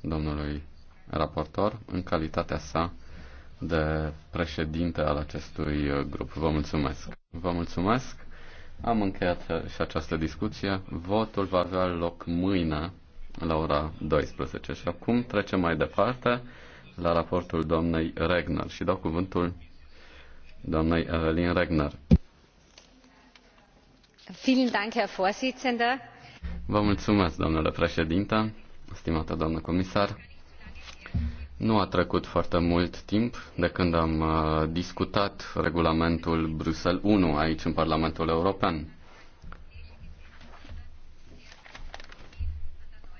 domnului raportor în calitatea sa de președinte al acestui grup. Vă mulțumesc. Vă mulțumesc. Am încheiat și această discuție. Votul va avea loc mâine la ora 12. Și acum trecem mai departe la raportul domnei Regner și dau cuvântul doamnei Evelyn Regner. Vă mulțumesc, domnule președinte stimată doamnă comisar. Nu a trecut foarte mult timp de când am uh, discutat regulamentul Bruxelles 1 aici în Parlamentul European.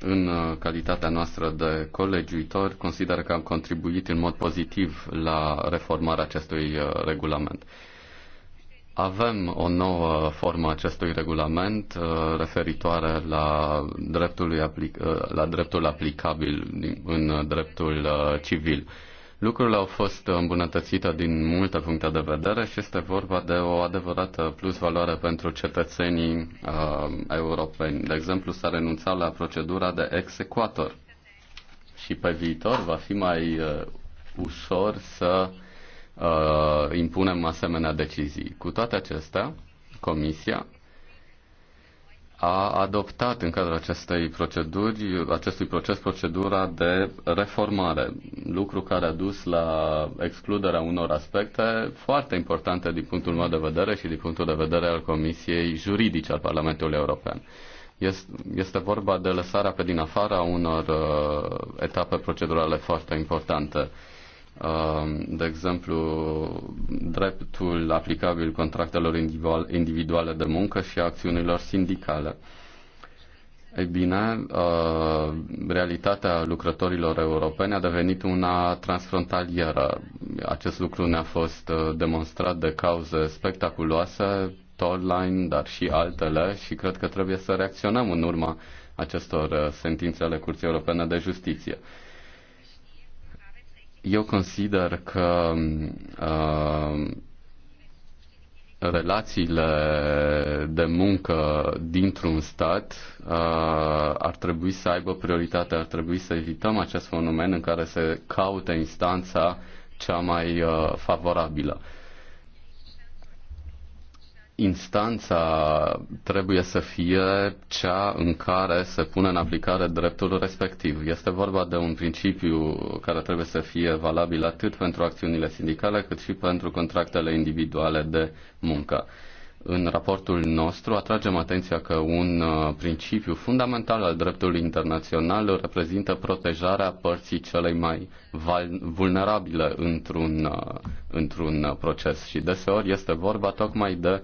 În uh, calitatea noastră de colegiuitor, consider că am contribuit în mod pozitiv la reformarea acestui uh, regulament. Avem o nouă formă acestui regulament uh, referitoare la dreptul, aplic- uh, la dreptul aplicabil în dreptul uh, civil. Lucrurile au fost îmbunătățite din multe puncte de vedere și este vorba de o adevărată plus valoare pentru cetățenii uh, europeni. De exemplu, s-a renunțat la procedura de execuator și pe viitor va fi mai uh, ușor să uh, uh, impunem asemenea decizii. Cu toate acestea, Comisia a adoptat în cadrul acestei proceduri, acestui proces procedura de reformare, lucru care a dus la excluderea unor aspecte foarte importante din punctul meu de vedere și din punctul de vedere al Comisiei Juridice al Parlamentului European. Este, este vorba de lăsarea pe din afara unor uh, etape procedurale foarte importante. Uh, Um, de exemplu, dreptul aplicabil contractelor individuale de muncă și a acțiunilor sindicale. Ei bine, uh, realitatea lucrătorilor europeni a devenit una transfrontalieră. Acest lucru ne-a fost uh, demonstrat de cauze spectaculoase, Tolline, dar și altele, și cred că trebuie să reacționăm în urma acestor uh, sentințe ale Curții Europene de Justiție. Eu consider că uh, relațiile de muncă dintr-un stat uh, ar trebui să aibă prioritate, ar trebui să evităm acest fenomen în care se caută instanța cea mai uh, favorabilă instanța trebuie să fie cea în care se pune în aplicare dreptul respectiv. Este vorba de un principiu care trebuie să fie valabil atât pentru acțiunile sindicale cât și pentru contractele individuale de muncă. În raportul nostru atragem atenția că un uh, principiu fundamental al dreptului internațional reprezintă protejarea părții celei mai vulnerabile într-un, uh, într-un uh, proces și deseori este vorba tocmai de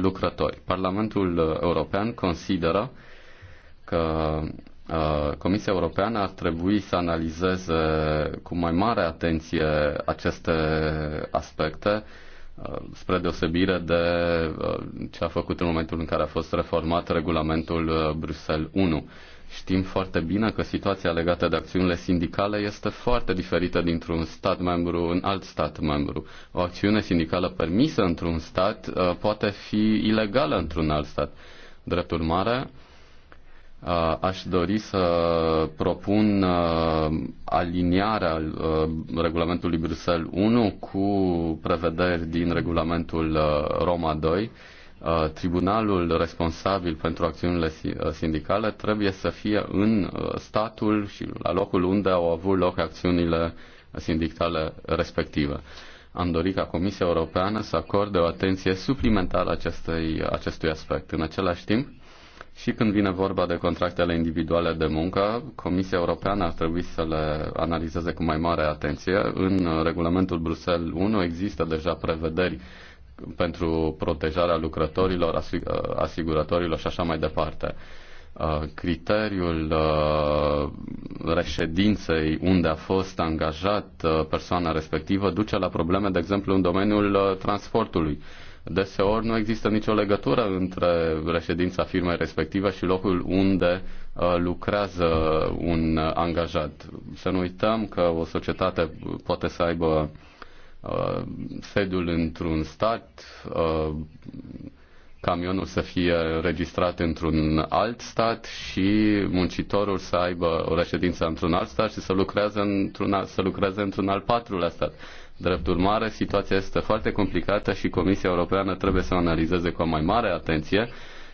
lucrători. Parlamentul European consideră că Comisia Europeană ar trebui să analizeze cu mai mare atenție aceste aspecte Uh, spre deosebire de uh, ce a făcut în momentul în care a fost reformat regulamentul uh, Bruxelles 1. Știm foarte bine că situația legată de acțiunile sindicale este foarte diferită dintr-un stat membru în alt stat membru. O acțiune sindicală permisă într-un stat poate fi ilegală într-un alt stat. Drept urmare, Uh, aș dori să propun uh, aliniarea uh, regulamentului Bruxelles 1 cu prevederi din regulamentul Roma 2. Tribunalul responsabil pentru acțiunile sindicale trebuie să fie în statul și la locul unde au avut loc acțiunile sindicale respective. Am dorit ca Comisia Europeană să acorde o atenție suplimentară acestui aspect. În același timp, și când vine vorba de contractele individuale de muncă, Comisia Europeană ar trebui să le analizeze cu mai mare atenție. În regulamentul Bruxelles 1 există deja prevederi pentru protejarea lucrătorilor, uh, asigurătorilor și așa mai departe. Uh, criteriul uh, reședinței unde a fost angajat persoana respectivă duce la probleme, de exemplu, în domeniul transportului deseori nu există nicio legătură între reședința firmei respective și locul unde uh, lucrează un angajat. Să nu uităm că o societate poate să aibă uh, sediul într-un stat, uh, camionul să fie registrat într-un alt stat și muncitorul să aibă o reședință într-un alt stat și să lucreze într-un, să lucreze într-un al patrulea stat. Drept urmare, situația este foarte complicată și Comisia Europeană trebuie să analizeze cu o mai mare atenție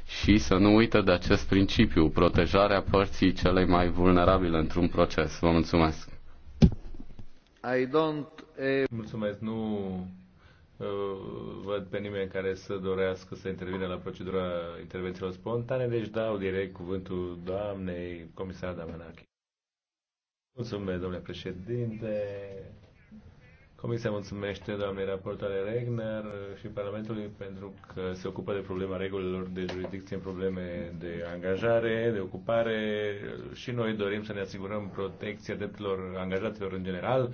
și să nu uită de acest principiu, protejarea părții celei mai vulnerabile într-un proces. Vă mulțumesc. I don't, eh... Mulțumesc. Nu uh, văd pe nimeni care să dorească să intervine la procedura intervențiilor spontane, deci dau direct cuvântul doamnei comisar Damanaki. Mulțumesc, domnule președinte. Comisia mulțumește doamnei raportoare Regner și Parlamentului pentru că se ocupă de problema regulilor de jurisdicție în probleme de angajare, de ocupare și noi dorim să ne asigurăm protecția drepturilor angajaților în general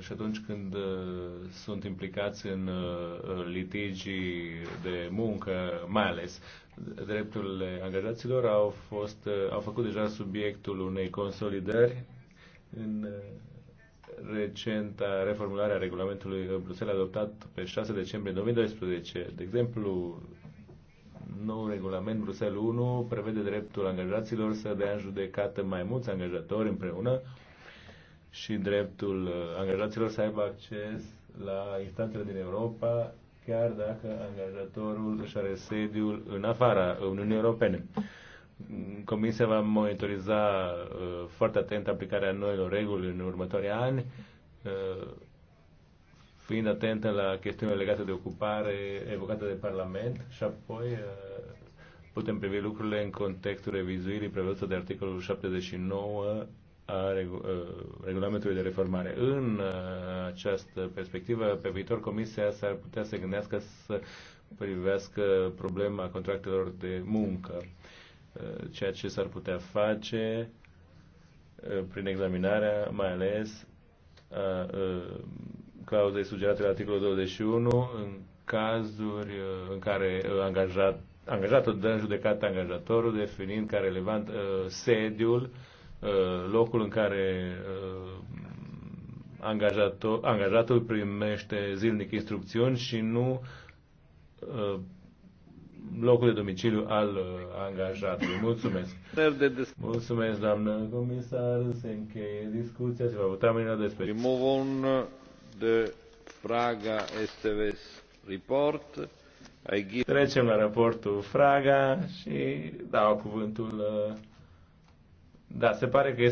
și atunci când uh, sunt implicați în uh, litigii de muncă, mai ales drepturile angajaților au, fost, uh, au făcut deja subiectul unei consolidări în recenta reformulare a regulamentului Bruxelles adoptat pe 6 decembrie 2012. De exemplu, nou regulament Bruxelles 1 prevede dreptul angajaților să dea în judecată mai mulți angajatori împreună și dreptul uh, angajaților să aibă acces la instanțele din Europa, chiar dacă angajatorul își are sediul în afara Uniunii Europene. Comisia va monitoriza uh, foarte atent aplicarea noilor reguli în următorii ani, uh, fiind atentă la chestiunile legate de ocupare evocate de Parlament și apoi uh, putem privi lucrurile în contextul revizuirii prevăzută de articolul 79 a regulamentului de reformare. În această perspectivă, pe viitor, Comisia s-ar putea să gândească să privească problema contractelor de muncă Uh, ceea ce s-ar putea face uh, prin examinarea, mai ales a uh, clauzei sugerate la articolul 21 în cazuri în care angajat, angajatul dă în judecată angajatorul definind ca relevant sediul, locul în care angajator, angajatul primește zilnic instrucțiuni și nu locul de domiciliu al uh, angajatului. Mulțumesc! Mulțumesc, doamnă comisar, se încheie discuția, se va vota mâine la despre. Rimovon de Fraga STVS report. Trecem la raportul Fraga și dau cuvântul. Uh, da, se pare că este